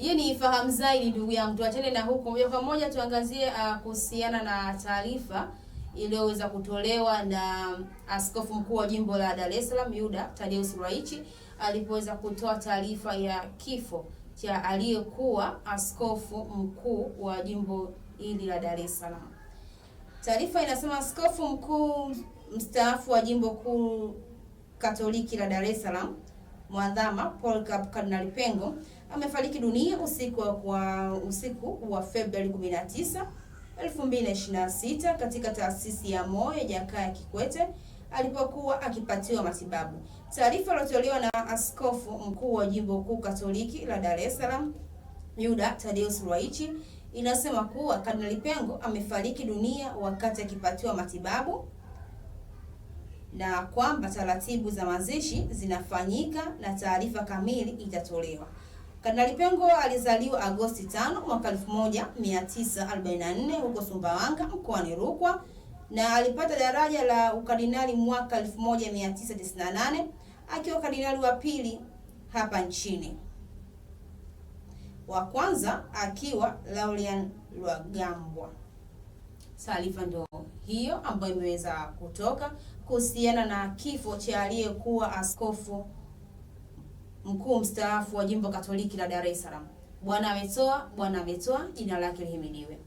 hiyo ni ifahamu zaidi, ndugu yangu. Tuachane na huko moja kwa moja, tuangazie uh, kuhusiana na taarifa iliyoweza kutolewa na askofu mkuu wa jimbo la Dar es Salaam Yuda tadeus Ruwa'ichi alipoweza kutoa taarifa ya kifo cha aliyekuwa askofu mkuu wa jimbo hili la Dar es Salaam. Taarifa inasema askofu mkuu mstaafu wa jimbo kuu Katoliki la Dar es Salaam Mwadhama Paul Kardinali Pengo amefariki dunia usiku wa, usiku wa Februari 19, 2026 katika taasisi ya moyo ya Jakaya Kikwete alipokuwa akipatiwa matibabu. Taarifa iliyotolewa na askofu mkuu wa jimbo kuu Katoliki la Dar es Salaam Yuda tadeus Ruwa'ichi inasema kuwa Kardinali Pengo amefariki dunia wakati akipatiwa matibabu na kwamba taratibu za mazishi zinafanyika na taarifa kamili itatolewa. Kardinali Pengo alizaliwa Agosti 5 mwaka 1944 huko Sumbawanga mkoani Rukwa na alipata daraja la ukardinali mwaka 1998 akiwa kardinali wa pili hapa nchini, wa kwanza akiwa Laurian lwagambwa Taarifa ndo hiyo ambayo imeweza kutoka kuhusiana na kifo cha aliyekuwa askofu mkuu mstaafu wa jimbo Katoliki la Dar es Salaam. Bwana ametoa, Bwana ametoa, jina lake lihimidiwe.